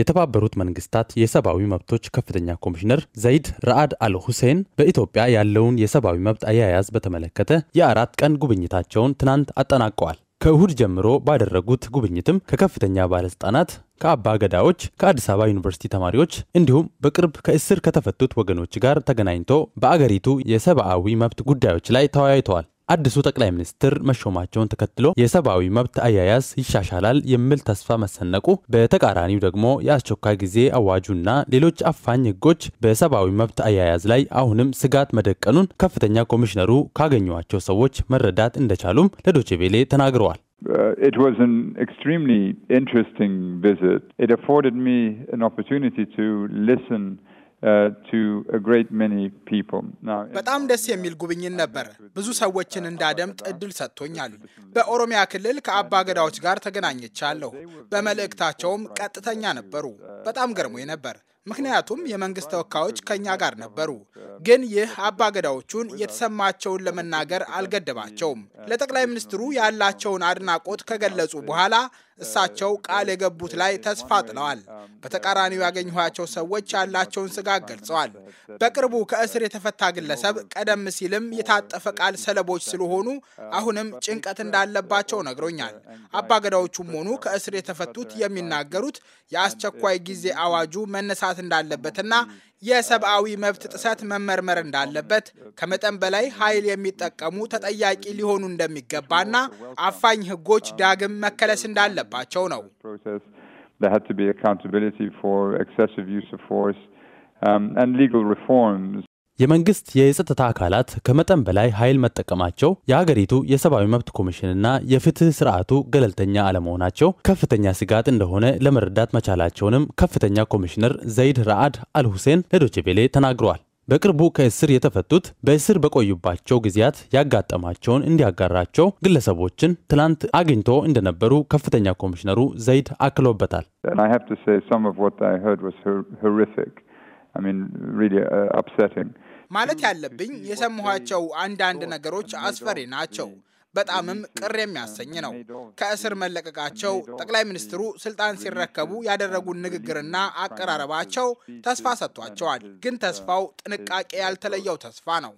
የተባበሩት መንግስታት የሰብአዊ መብቶች ከፍተኛ ኮሚሽነር ዘይድ ረአድ አል ሁሴን በኢትዮጵያ ያለውን የሰብአዊ መብት አያያዝ በተመለከተ የአራት ቀን ጉብኝታቸውን ትናንት አጠናቀዋል። ከእሁድ ጀምሮ ባደረጉት ጉብኝትም ከከፍተኛ ባለስልጣናት፣ ከአባ ገዳዎች፣ ከአዲስ አበባ ዩኒቨርሲቲ ተማሪዎች እንዲሁም በቅርብ ከእስር ከተፈቱት ወገኖች ጋር ተገናኝቶ በአገሪቱ የሰብአዊ መብት ጉዳዮች ላይ ተወያይተዋል። አዲሱ ጠቅላይ ሚኒስትር መሾማቸውን ተከትሎ የሰብአዊ መብት አያያዝ ይሻሻላል የሚል ተስፋ መሰነቁ፣ በተቃራኒው ደግሞ የአስቸኳይ ጊዜ አዋጁና ሌሎች አፋኝ ሕጎች በሰብአዊ መብት አያያዝ ላይ አሁንም ስጋት መደቀኑን ከፍተኛ ኮሚሽነሩ ካገኟቸው ሰዎች መረዳት እንደቻሉም ለዶቼ ቬሌ ተናግረዋል። uh, It was an extremely interesting visit. It afforded me an opportunity to listen Uh, በጣም ደስ የሚል ጉብኝት ነበር። ብዙ ሰዎችን እንዳደምጥ እድል ሰጥቶኛል። በኦሮሚያ ክልል ከአባ ገዳዎች ጋር ተገናኝቻለሁ። በመልእክታቸውም ቀጥተኛ ነበሩ። በጣም ገርሞኝ ነበር። ምክንያቱም የመንግስት ተወካዮች ከኛ ጋር ነበሩ። ግን ይህ አባገዳዎቹን የተሰማቸውን ለመናገር አልገደባቸውም። ለጠቅላይ ሚኒስትሩ ያላቸውን አድናቆት ከገለጹ በኋላ እሳቸው ቃል የገቡት ላይ ተስፋ ጥለዋል። በተቃራኒው ያገኘኋቸው ሰዎች ያላቸውን ስጋት ገልጸዋል። በቅርቡ ከእስር የተፈታ ግለሰብ ቀደም ሲልም የታጠፈ ቃል ሰለቦች ስለሆኑ አሁንም ጭንቀት እንዳለባቸው ነግሮኛል። አባገዳዎቹም ሆኑ ከእስር የተፈቱት የሚናገሩት የአስቸኳይ ጊዜ አዋጁ መነሳት እንዳለበትና የሰብአዊ መብት ጥሰት መመርመር እንዳለበት፣ ከመጠን በላይ ኃይል የሚጠቀሙ ተጠያቂ ሊሆኑ እንደሚገባና አፋኝ ሕጎች ዳግም መከለስ እንዳለባቸው ነው። የመንግስት የጸጥታ አካላት ከመጠን በላይ ኃይል መጠቀማቸው የሀገሪቱ የሰብአዊ መብት ኮሚሽንና የፍትህ ስርዓቱ ገለልተኛ አለመሆናቸው ከፍተኛ ስጋት እንደሆነ ለመረዳት መቻላቸውንም ከፍተኛ ኮሚሽነር ዘይድ ራአድ አልሁሴን ለዶችቤሌ ተናግረዋል። በቅርቡ ከእስር የተፈቱት በእስር በቆዩባቸው ጊዜያት ያጋጠማቸውን እንዲያጋራቸው ግለሰቦችን ትላንት አግኝቶ እንደነበሩ ከፍተኛ ኮሚሽነሩ ዘይድ አክሎበታል። Uh, ማለት ያለብኝ የሰማኋቸው አንዳንድ ነገሮች አስፈሪ ናቸው። በጣምም ቅር የሚያሰኝ ነው። ከእስር መለቀቃቸው፣ ጠቅላይ ሚኒስትሩ ስልጣን ሲረከቡ ያደረጉን ንግግርና አቀራረባቸው ተስፋ ሰጥቷቸዋል። ግን ተስፋው ጥንቃቄ ያልተለየው ተስፋ ነው።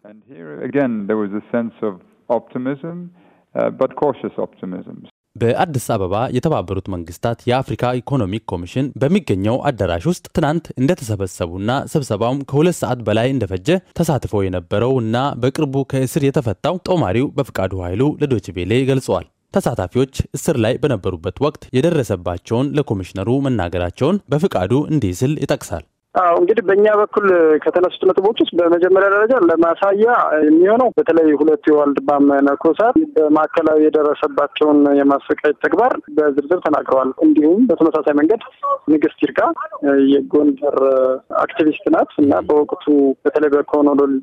በአዲስ አበባ የተባበሩት መንግስታት የአፍሪካ ኢኮኖሚክ ኮሚሽን በሚገኘው አዳራሽ ውስጥ ትናንት እንደተሰበሰቡና ስብሰባውም ከሁለት ሰዓት በላይ እንደፈጀ ተሳትፎ የነበረው እና በቅርቡ ከእስር የተፈታው ጦማሪው በፍቃዱ ኃይሉ ለዶችቤሌ ገልጸዋል። ተሳታፊዎች እስር ላይ በነበሩበት ወቅት የደረሰባቸውን ለኮሚሽነሩ መናገራቸውን በፍቃዱ እንዲህ ስል ይጠቅሳል። አዎ እንግዲህ በእኛ በኩል ከተነሱት ነጥቦች ውስጥ በመጀመሪያ ደረጃ ለማሳያ የሚሆነው በተለይ ሁለት የዋልድባ መነኮሳት በማዕከላዊ የደረሰባቸውን የማሰቃየት ተግባር በዝርዝር ተናግረዋል። እንዲሁም በተመሳሳይ መንገድ ንግስት ይርጋ የጎንደር አክቲቪስት ናት እና በወቅቱ በተለይ በኮሎኔል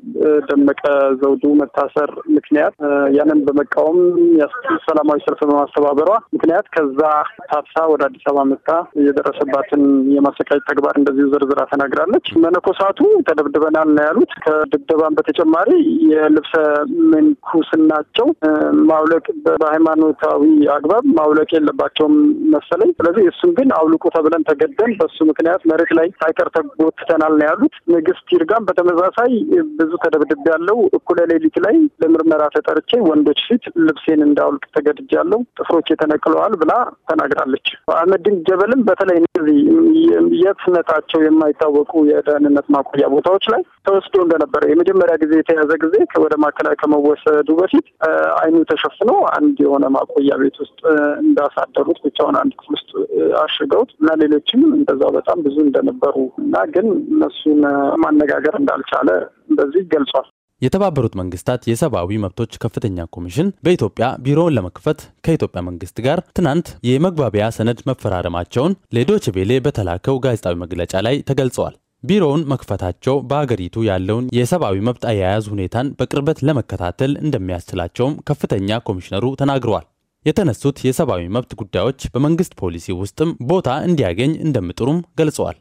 ደመቀ ዘውዱ መታሰር ምክንያት ያንን በመቃወም ሰላማዊ ሰልፍ በማስተባበሯ ምክንያት ከዛ ታፍሳ ወደ አዲስ አበባ መጣ የደረሰባትን የማሰቃየት ተግባር እንደዚሁ ዝርዝር ተናግ ትናገራለች። መነኮሳቱ ተደብድበናል ነው ያሉት። ከድብደባን በተጨማሪ የልብሰ ምንኩስናቸው ማውለቅ በሃይማኖታዊ አግባብ ማውለቅ የለባቸውም መሰለኝ። ስለዚህ እሱን ግን አውልቁ ተብለን ተገደን በሱ ምክንያት መሬት ላይ ሳይቀር ተጎትተናል ነው ያሉት። ንግስት ይርጋም በተመሳሳይ ብዙ ተደብድብ ያለው እኩለ ሌሊት ላይ ለምርመራ ተጠርቼ ወንዶች ፊት ልብሴን እንዳውልቅ ተገድጃለሁ፣ ጥፍሮች ተነቅለዋል ብላ ተናግራለች። አህመዲን ጀበልም በተለይ እነዚህ የት ነጣቸው የማይታወ የሚታወቁ የደህንነት ማቆያ ቦታዎች ላይ ተወስዶ እንደነበረ የመጀመሪያ ጊዜ የተያዘ ጊዜ ወደ ማዕከላዊ ከመወሰዱ በፊት አይኑ ተሸፍኖ አንድ የሆነ ማቆያ ቤት ውስጥ እንዳሳደሩት ብቻውን አንድ ክፍል ውስጥ አሽገውት እና ሌሎችም እንደዛው በጣም ብዙ እንደነበሩ እና ግን እነሱን ማነጋገር እንዳልቻለ እንደዚህ ገልጿል። የተባበሩት መንግስታት የሰብአዊ መብቶች ከፍተኛ ኮሚሽን በኢትዮጵያ ቢሮውን ለመክፈት ከኢትዮጵያ መንግስት ጋር ትናንት የመግባቢያ ሰነድ መፈራረማቸውን ለዶች ቬሌ በተላከው ጋዜጣዊ መግለጫ ላይ ተገልጸዋል። ቢሮውን መክፈታቸው በአገሪቱ ያለውን የሰብአዊ መብት አያያዝ ሁኔታን በቅርበት ለመከታተል እንደሚያስችላቸውም ከፍተኛ ኮሚሽነሩ ተናግረዋል። የተነሱት የሰብአዊ መብት ጉዳዮች በመንግስት ፖሊሲ ውስጥም ቦታ እንዲያገኝ እንደሚጥሩም ገልጸዋል።